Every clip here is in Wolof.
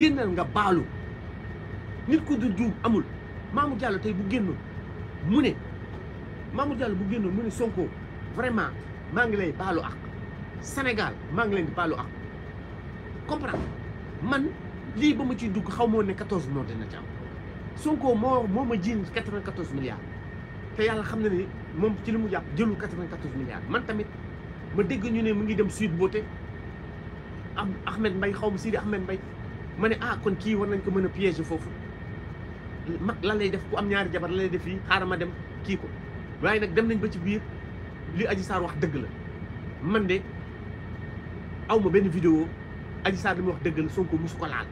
génnal nga baalu nit ku du juum amul Mamour Diallo tey bu génnoon mu ne Mamour jàll bu génnoon mu ne Sonko vraiment maa ngi lay baalu ak Sénégal maa ngi leen baalu ak comprendre man lii ba ma ciy dugg xaw moo ne 14 moo dina ci am Sonko moo moo ma jiin 94 milliards te yàlla xam na ni moom ci li mu jàpp jëlu 94 milliards man tamit ma dégg ñu ne mu ngi dem Sweet Beauté am Ahmed mbay xaw ma Sidi Ahmed mbay ma ne ah kon kii war nañ ko mën a piéger foofu mag lan lay def ku am ñaari jabar lan lay def fii xaaral ma dem kii ko waaye nag dem nañ ba ci biir li Adji Sarr wax dëgg la man de aw ma benn vidéo Adji Sarr li mu wax dëgg la Sonko musu ko laal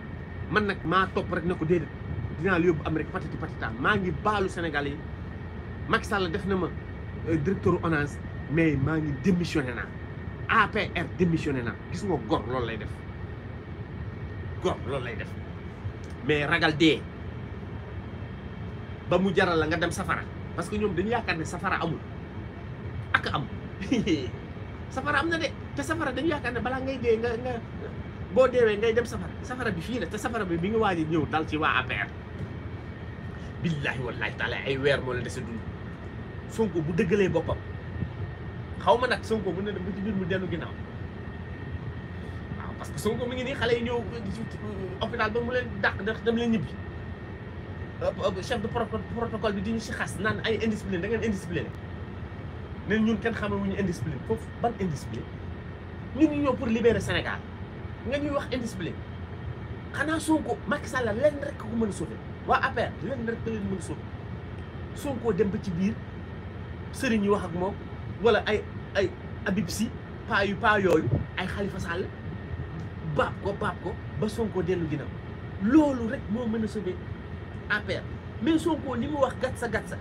man nag maa topp rek ne ko déedéet dinaa la yóbbu am rek patati patata maa ngi baalu senegal yi Macky Sall def na ma euh, directeur ONAS mais maa ngi démissionné naa APR démissionné naa gis nga gor loolu lay def. gor loolu lay def mais ragal dé ba mu jaral nga dem safara parce que ñom dañu yakarne safara amul ak am safara amna dé de safara dañu yakarne bala ngay dé nga nga bo déwé ngay dem safara safara bi fi la té safara bi bi nga waji ñew dal ci wa APR billahi wallahi taala ay weer mo la dese dund Sonko bu dëggalee bopam xawma nak Sonko bu ne dem ci biir mu dellu ginaaw parce que Sonko ngi nii xale yi ñëw euh, hôpital ba mu leen dàq da dem leen ñibbi chef de protocole bi di ñu si xas naan ay indiscipline da ngeen indiscipliné ne ñun kenn xamul wu ñu indiscipline foofu ban indiscipline ñun ñu ñëw pour libérer Sénégal nga ñuy wax indiscipline xanaa Sonko Macky Sall leen rek ko mën a sauver waa APR na rek ko leen mën a sauver Sonko dem ba ci biir sëriñ yi wax ak moom walla ay ay Habib Sy paa yu paa yooyu ay Khalifa Sall. baab ko baab ko ba sonkoo dellu ginnaaw loolu rek moo mën a sauver APR mais Sonko li mu wax gatsa gatsa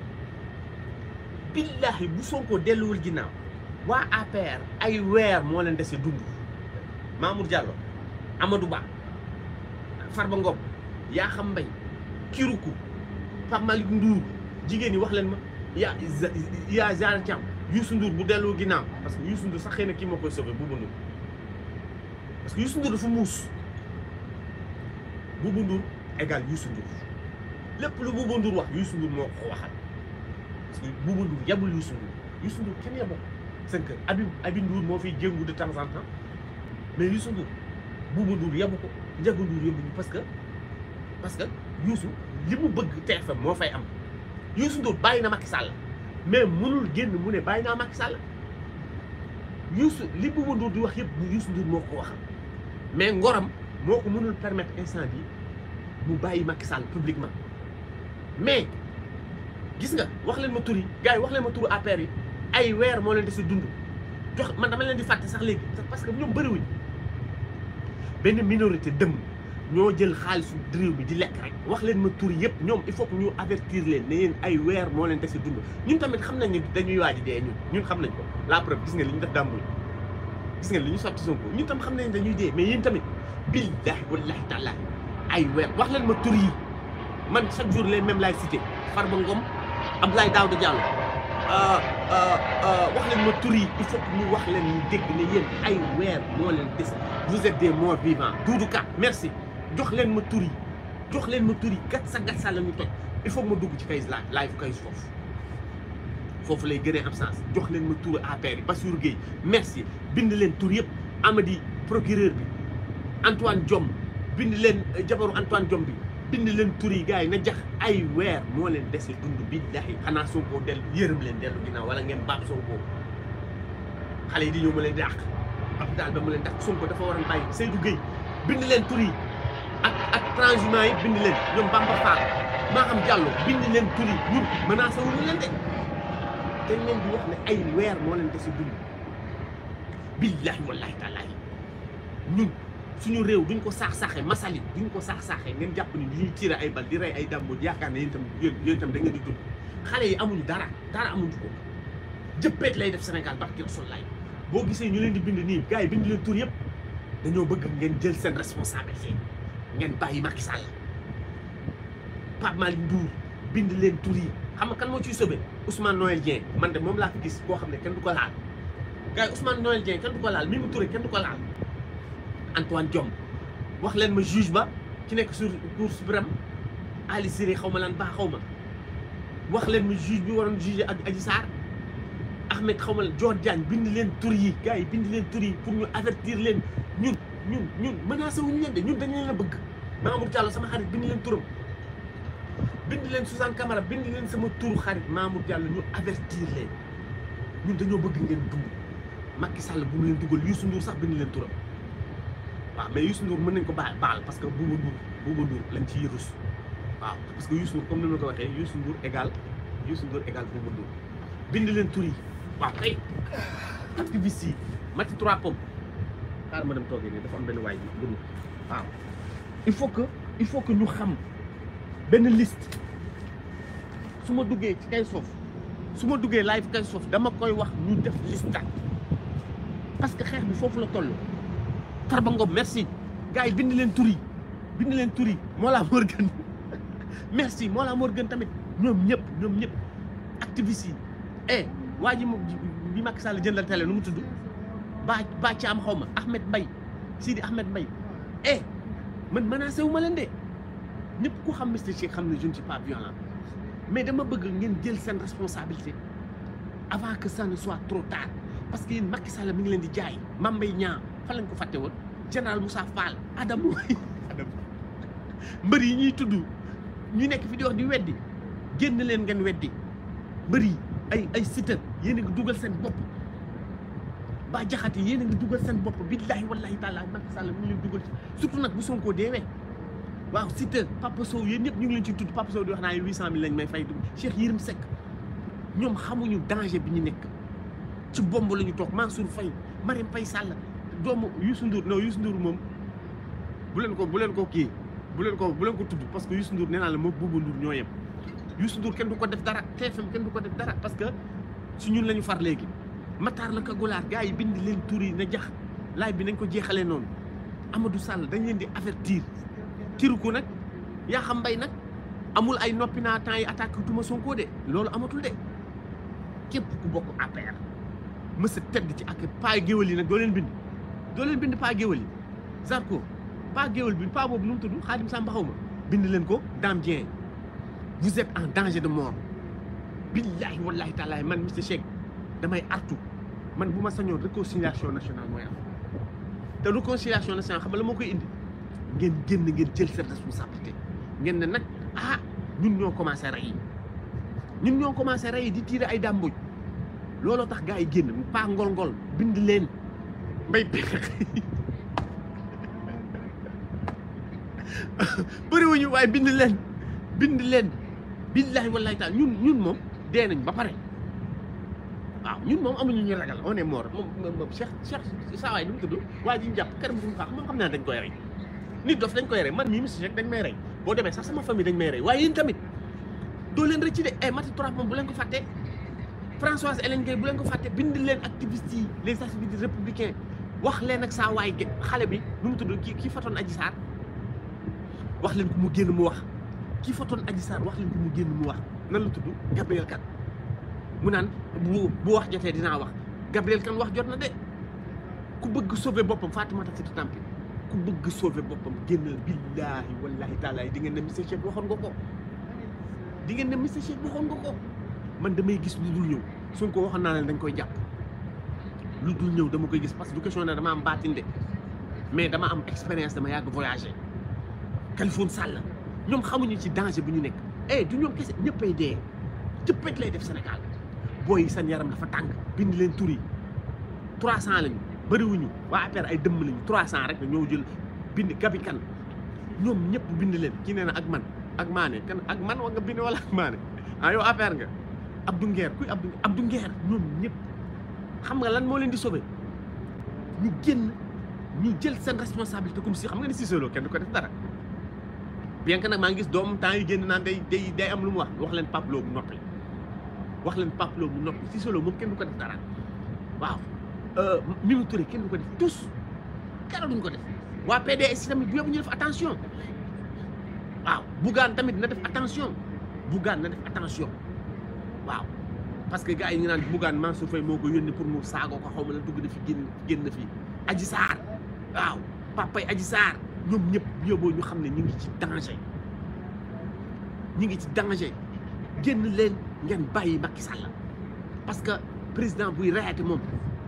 billahi bu sonkoo delluwul ginnaaw waa APR ay weer moo leen dese dund Mamour Diallo Amadou Ba Farba Ngom xam mbañ Kiroukou Pape Malick Ndour jigéen ñi wax leen ma yaa yaa Zahra Thiam Youssou Ndour bu dellu ginnaaw parce que Youssou Ndour sax xëy na kii moo koy sauver bu Ndour parce que Youssou Ndour dafa muus Bouba Ndour égal Youssou Ndour lépp lu Bouba Ndour wax Youssou Ndour moo ko waxal parce que Bouba Ndour yabul Youssou Ndour Youssou Ndour kenn yaboo seen kër Habib Habib Ndour moo fiy jéngu de temps en temps mais Youssou Ndour Bouba Ndour yabu ko Ndiaga Ndour yabuñu parce que parce que Youssou li bëgg TFM moo fay am Youssou Ndour bàyyi na Macky Sall mais mënul génn mu ne bàyyi Macky Sall Youssou li Bouba Ndour di wax yëpp Youssou Ndour moo ko waxal mais ngoram moo ko mënul permettre instant bi mu bàyyi Macky Sall publiquement mais gis nga wax leen ma tur yi yi wax leen ma turu APR yi ay weer moo leen di si dund jox man dama leen di fàtte sax léegi parce que ñoom bëriwuñ benn minorité dëmm ñoo jël xaalisu réew bi di lekk rek wax leen ma tur yëpp ñoom il faut ñu avertir leen ne yéen ay weer moo leen dese dund ñun tamit xam nañ ne dañuy waaj a dee ñun ñun xam nañ la preuve gis nga li ñu def dàmbuñ gis nga li ñu sotti Sonko ñu tam xam ne dañuy dee mais yéen tamit billahi wallahi taala ay weer wax leen ma tur yi man chaque jour les mêmes laay cité Farba Ngom Abdoulaye Daouda Diallo euh, euh, euh, wax leen ma tur yi il faut wax leen ñu dégg ne yéen ay weer moo leen des vous êtes des morts vivants Doudou Ka merci jox leen ma tur yi jox leen ma tur yi gat sa la ñu toj il faut ma dugg ci kay live live kay foofu foofu lay gën a am sens jox leen ma tur APR yi Bassirou Gueye merci bind leen tur yëpp Amady procureur bi Antoine Diome bind leen jabaru Antoine Diome bi bind leen tur yi gars yi na jax ay weer moo leen dese dund billahi xanaa Sonko dellu yërëm leen dellu ginnaaw wala ngeen baab Sonko xale yi di ñëw ma leen dàq daal ba mu leen dàq Sonko dafa war a bàyyi Seydou Gueye bind leen tur yi ak ak transhumants yi bind leen ñoom Bamba Fall maa xam dañ leen di wax ne ay weer moo leen desi dund billahi wallahi taalahi ñun suñu réew duñ ko saax-saaxee masali duñ ko saax-saaxee ngeen jàpp ni duñu tiire ay bal di rey ay dàmbooj yaakaar ne yéen tam yéen tam da ngeen di dund xale yi amuñu dara dara amuñu ko jëppeet lay def Sénégal barki rasulaay boo gisee ñu leen di bind nii gars yi bind leen tur yëpp dañoo bëgg ngeen jël seen responsabilité ngeen bàyyi Macky Sall Pape Ndour bind leen tur yi xam nga kan moo ciy sauvé Ousmane Noël Dieng man de moom laa fi gis koo xam ne kenn du ko laal gars yi Ousmane Noël Dieng kenn du ko laal Mimi Touré kenn du ko laal Antoine Diome wax leen ma juge ba ci nekk sur cour suprême Ali Siré xaw ma lan baax xaw ma wax leen ma juge bi waroon juge ak Adji Sarr Ahmed xaw ma lan Dior Diagne bind leen tur yi gars yi bind leen tur yi pour ñu avertir leen ñun ñun ñun menacé wuñu leen de ñun dañu leen bëgg Mamour Diallo sama xarit bind leen turam bind leen Suzanne Camara bind leen sama turu xarit Mamour Diallo ñu avertir leen ñun dañoo bëgg ngeen dund Macky Sall bu mu leen dugal Youssou Ndour sax bind leen turam waaw mais Youssou Ndour mën nañ ko baal baal parce que Bouba Ndour Bouba Ndour lañ ci rus waaw parce que Youssou Ndour comme ni ma ko waxee Youssou Ndour égal Youssou Ndour égal Bouba Ndour bind leen tur yi waaw kay activiste yi Mati trois pommes xaaral ma dem toogee ne dafa am benn waay bi waaw il faut que ñu xam. benn liste su ma duggee ci kay suuf su ma duggee live kay suuf dama koy wax ñu def liste parce que xeex bi foofu la toll Farba Ngom merci gars yi bind leen tur yi bind leen tur yi moo Morgun merci Mollah Morgun tamit ñoom ñëpp ñoom ñëpp activistes yi eh waa ji bi Macky Sall jëndal télé nu ma tudd ba ba ci am xaw ma Ahmed Mbaye Sidi Ahmed Mbaye eh man menacé leen de ñëpp ku xam Mister cheikh xam ne je ne suis pas violent mais dama bëgg ngeen jël seen responsabilité avant que ça ne soit trop tard parce que yéen Macky Sall mi ngi leen di jaay Mame Mbaye Niang fan lañ ko fàtte woon général Moussa Fall Adama mbër yi ñuy tudd ñu nekk fi di wax di weddi génn leen ngeen weddi mbër yi ay ay Siteu yéen a ngi dugal seen bopp ba jaxati yéen a ngi dugal seen bopp billahi wallahi taala Macky Sall mi ngi leen dugal surtout nag bu Sonko deewee waaw Siteu Papa Sow yéen ñëpp ñu ngi leen ci tudd Papa di wax naa ne 800000 lañ may fay Cheikh Yérim Seck ñoom xamuñu danger bi ñu nekk ci bomb la ñu toog Mansour Faye Marème Faye Sall doomu Youssou Ndour non Youssou Ndour moom bu leen ko bu leen ko kii bu leen ko bu leen ko tudd parce que Youssou Ndour nee naa la moom Bouba Ndour ñoo yem Youssou Ndour kenn du ko def dara TFM kenn du ko def dara parce que su ñun la ñu far léegi Matar la Kagulaar gars yi bind leen tur yi na jax laaj bi nañ ko jeexalee noonu Amadou Sall dañ leen di avertir. kiriku nag yaa xam mbay nag amul ay noppi naa temps yi attaque tuma Sonko de loolu amatul de képp ku bokk APR mësa tedd ci ak paa géwél yi nag doo leen bind doo leen bind paa géwél yi Zarko paa géwél bi paa boobu nu mu tudd Xaadim Samba xaw ma bind leen ko Dame Dieng vous êtes en danger de mort billahi wallahi taalaay man monsieur Cheikh damay artu man bu ma sañoon réconciliation nationale mooy am te réconciliation nationale xam nga moo koy indi ngeen génn ngeen jël seen responsabilité ngeen ne nag ah ñun ñoo commencé rey ñun ñoo commencé rey di tiire ay dàmbuj looloo tax gars yi génn pa ngol-ngol bind leen mbay pexe bëriwuñu waaye bind leen bind leen billahi wallahi taal ñun ñun moom dee nañ ba pare waaw ñun moom amuñu ñu ragal on est mort moom moom Cheikh Cheikh saa waay nu mu tudd waa ji ñu jàpp kër bu mu xam moom xam naa dañ koy rey. nit dof dañ koy rey man mii Mister Shake dañ may rey boo demee sax sama famille dañ may rey waaye yéen tamit doo leen rëcc de ay eh, Mati Touré moom bu leen ko fàtte Françoise Hélène Gueye bu leen ko fàtte bind leen activistes yi les activistes républicains wax leen ak saa waay xale bi nu mu tudd kii kii fatoon Adji Sarr wax leen ko mu génn mu wax kii fatoon Adji Sarr wax leen ko mu génn mu wax nan la tudd Gabriel Kane mu naan bu bu wax jotee dinaa wax Gabriel Kane wax jot na de ku bëgg sauver boppam Fatoumata Seydi Tampi ku bëgg sauver boppam génnal billaahi wallaahi taalaahi di ngeen ne monsieur Cheikh waxoon nga ko di ngeen ne monsieur Cheikh waxoon nga ko man damay gis lu dul ñëw suñ ko waxoon naa leen dañ koy jàpp lu dul ñëw dama koy gis parce que du question ne dama am baatinde mais dama am expérience dama yàgg voyager Kaliphone Sall ñoom xamuñu ci danger bu ñu nekk eh du ñoom kese ñëppay dee cëppet lay def Sénégal booy seen yaram dafa tàng bind leen tur yi 300 lañu. wuñu wa affaire ay dem lañu 300 rek ñoo jël bind gabi kan ñoom ñëpp bind leen ki neena ak man ak mané kan ak man wa nga bind wala ak mané ayo ah, affaire nga Abdou Nguer kuy Abdou Abdou Nguer ñom ñepp xam nga lan mo leen di sauvé ñu genn ñu jël sen responsabilité comme si xam nga ni sisolo kenn du ko def dara bien que nak ma ngi gis doomu temps day day day am lu mu wax wax leen Pape Lo mu noppi wax leen Pape mu noppi sisolo kenn du ko def dara waaw Mimi Touré kenn du ko def tous dara duñ ko def waa PDS tamit yóbbu ñu def attention waaw Bougane tamit na def attention Bougane na def attention waaw parce que gars yi ñu naan Bougane Mansour Faye moo ko yónni pour mu saagoo ko xaw ma la dugg na fi génn génn na fi Adji Sarr waaw papay Adji Sarr ñoom ñëpp yóbboo ñu xam ñu ngi ci danger ñu ngi ci danger génn leen ngeen bàyyi Macky Sall parce que président buy rayaate moom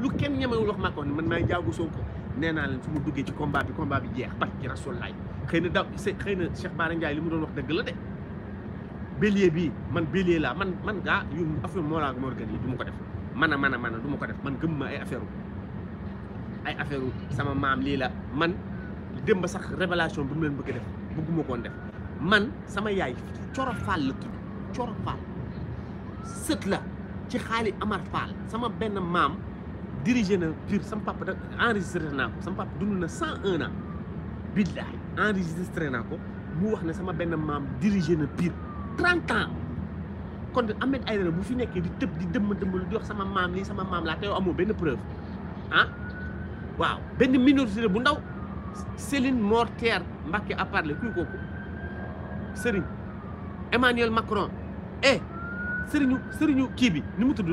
lu kenn ñemewul wax Macron man maay jaagu Sonko nee naa leen fu mu duggee ci combat bi combat bi jeex parce que Rasulaay xëy na daw xëy na Cheikh Bara Ndiaye li mu doon wax dëgg la de bélier bii man bélier laa man man gaa yu affaire moral morgan yi du ma ko def man a man a man a du ma ko def man gëm ma ay affaire sama maam lii la man dem ba sax révélation bu mu leen bëgg def bëgguma koon def man sama yaay Coro Fall la tudd Coro Fall sët la ci xaali Amar Fall sama benn maam dirigé na pur sama papa da enregistré naa ko sama papa dund na cent un ans billaay enregistré naa ko mu wax ne sama benn maam dirigé na pur trente ans kon Ahmed Aïdara bu fi nekkee di tëb di dëmm dëmmal di wax sama maam lii sama maam laa te amoo benn preuve ah waaw benn minorité bu ndaw Céline Mortier Mbacké a parlé kuy kooku Serigne Emmanuel Macron eh Serigne Serigne kii bi ni mu tudd.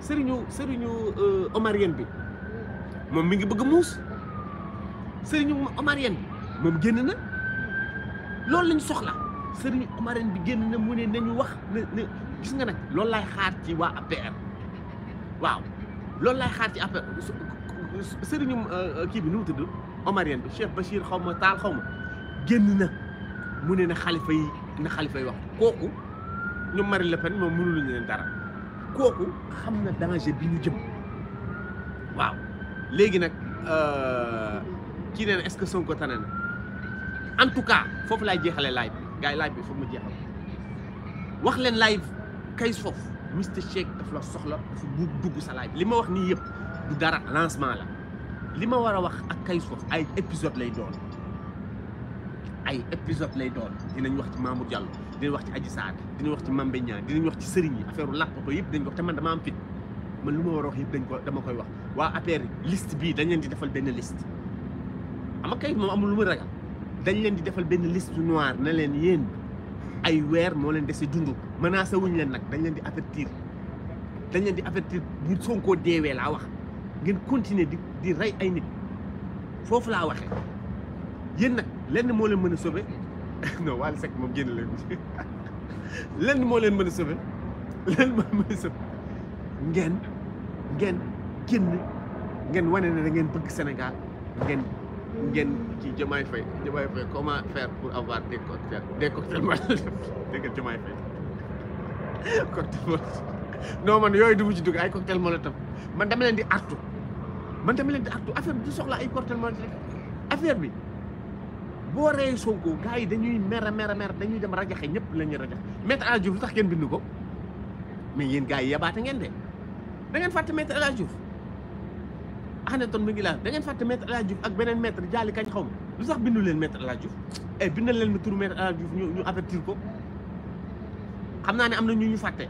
sëriñu sëriñu euh, omarien bi moom mi ngi bëgg muus sëriñu omarien bi moom génn na loolu lañu soxla sëriñu omarien bi génn na mu ne nañu wax gis nga nag loolu laay xaar ci waa APR waaw loolu laay xaar ci APR sëriñu euh, kii bi nu mu tudd omarien Cheikh Bachir xaw ma taal xaw ma génn na mu ne na xalifa yi na xalifa yi wax kooku ñoom Marine Le Pen moom mënuluñu leen dara kooku xam na danger bi ñu jëm waaw léegi nak euh nee na est-ce que Sonko tane na en tout cas fofu lay jeexalee live bi live bi fofu mu jeexal wax len live kay foofu mr Shake daf la soxla dafa bu dugg sa live li wax ni yëpp du dara lancement la li wara wax ak kay foofu ay épisode lay doon ay épisode lay doon dinañ wax ci Mamour Diallo dinañ wax ci aji saat dinañ wax ci Mame Mbaye Niang dinañ wax ci sëriñ yi affaire làppato yëpp dañ ko wax te man dama am fit man lu ma war a wax yëpp dañ ko dama koy wax waa affaire list bii dañ leen di defal benn liste ama kay moom amul lu mu ragal dañ leen di defal benn liste noire na leen yéen ay weer moo leen dese dund menacé wuñ leen nag dañ leen di avertir dañ leen di avertir bu koo deewee laa wax ngeen continuer di di rey ay nit foofu laa waxee yéen nag lenn moo leen mën a sauver non Wally Seck moom génn leen lenn moo leen mën a sauver moo leen mën a sauver ngeen ngeen ngeen wane ne da ngeen bëgg Sénégal ngeen ngeen ci Diomaye fay Diomaye Faye comment faire pour avoir des cocktails des cocktails Molotov dégg nga Diomaye Faye cocktail Molotov non man yooyu dugg ci dugg ay cocktail Molotov man dama leen di artu man dama leen di artu affaire bi du soxla ay cocktail Molotov affaire bi. boo rey Sonko gars yi dañuy mer mer mer dañuy dem rajaxe ñëpp la ñuy rajaxe Maître El Hadj Diouf lu tax ngeen bind ko mais yéen gars yi yabaate ngeen de da ngeen fàtte Maître El Hadj Diouf Anatone mi ngi laal da ngeen fàtte Maître El Hadj ak beneen maître jaali kañ xaw ma lu sax bindu leen Maître El Hadj Diouf eh, leen ma tur Maître El ñu ñu avertir ko xam naa ne am na ñu ñu fàtte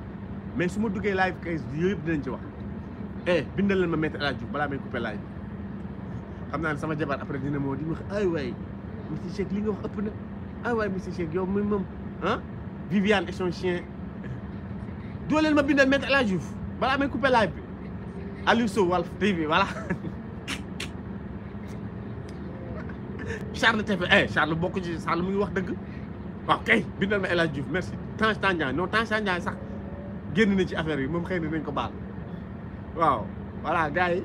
mais su ma duggee live case bi yooyu yëpp dinañ ci wax eh bindal leen ma Maître El Hadj Diouf balaa may coupé live xam naa ne sama jabar après dina moo di wax ay waay monsieur Cheikh ah ouais, monsieur Cheikh hein? Viviane et son chien doo je ma mettre la la Voilà, Diouf mais couper la. live Alusso, Wolf TV voilà Charles TV. eh Charles beaucoup de Charles mu ngi wax Ok, waaw kay la ma merci non tant, Tandian sax génn na ci affaire yi me xëy nañ ko voilà gars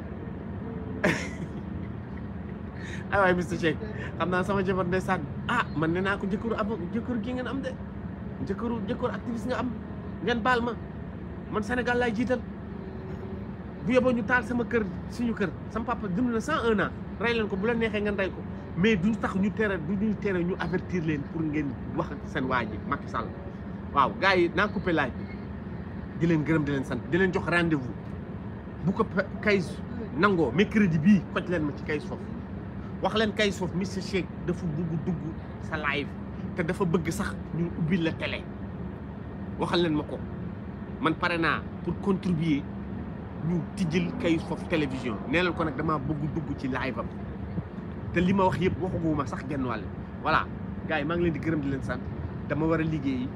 ay ah, waay Mister Shake xam naa sama jabar ndeysaan ah man ne naa ko jëkkëru ab jëkkëru gi ngeen am de jëkkëru jëkkëru activiste nga am ngeen baal ma man Sénégal laay jiital bu yóbboo ñu taal sama kër suñu kër sama papa dund na cent un rey leen ko bu la neexee ngeen rey ko mais duñ tax ñu tere du ñuy tere ñu avertir leen pour ngeen wax seen waa ji Macky Sall waaw gars yi naa coupé laaj di leen gërëm di leen sant di leen jox rendez-vous bu ko kays nangoo mercredi bii koj leen ma ci kays foofu wax leen kay suuf Mister Shake dafa bugg dugg sa live te dafa bëgg sax ñu ubbil la télé waxal leen ma ko man pare naa pour contribuer ñu tijjil kay suuf télévision nee leen ko nag damaa bëgg dugg ci live am te li ma wax yëpp waxaguma sax genn wàll voilà gars yi maa ngi leen di gërëm di leen sant dama war a liggéeyi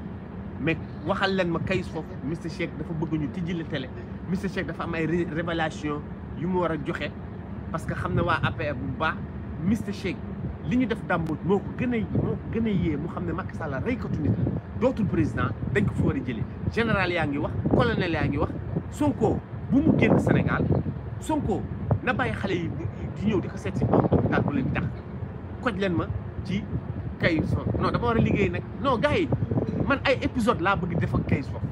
mais waxal leen ma kay suuf Mister Shake dafa bëgg ñu tijjil la télé Mister Shake dafa am ay révélation yu mu war a joxe parce que xam na waa APR bu baax. Mister Shake li ñu def Dame Mbodj moo ko gën a moo ko gën a yee mu xam ne Macky Sall reykatu nit la dootul président dañ ko fa war a jëlee général yaa ngi wax colonel yaa ngi wax Sonko bu mu génn Sénégal Sonko na bàyyi xale yi di ñëw di ko seet si am tax koj leen ma ci Kayz Fof non dama war liggéey nag non gars man ay épisode laa bëgg def ak Kayz Fof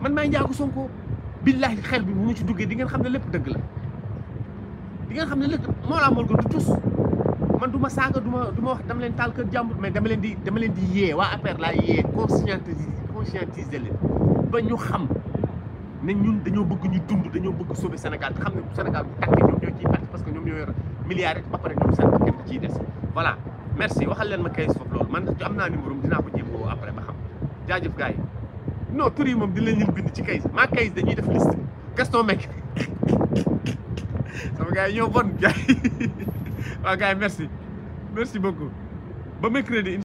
man maay njaagu Sonko billahi xel bi mu ci duggee di ngeen xam ne lépp dëgg la li nga xam ne léegi Mollah Morgun du tus man du ma saaga duma ma du ma wax dama leen taal kër jàmbur mais dama leen di dama leen di yee waa APR laa yee conscientiser conscientiser leen ba ñu xam ne ñun dañoo bëgg ñu dund dañoo bëgg sauver Sénégal te xam ne Sénégal bu tàkkee ñoom parce que ñoom ñoo yor milliards ba pare ñoom seen kenn ciy des voilà merci waxal leen ma kayis foofu loolu man am naa numéro dinaa ko jéem woo après ba xam jaajëf gars yi non tur yi moom dinañ leen bind ci kayis maa kayis dañuy def liste Gaston Mbengue sama gars yi bon gars yi waaw gars yi merci merci beaucoup ba mercredi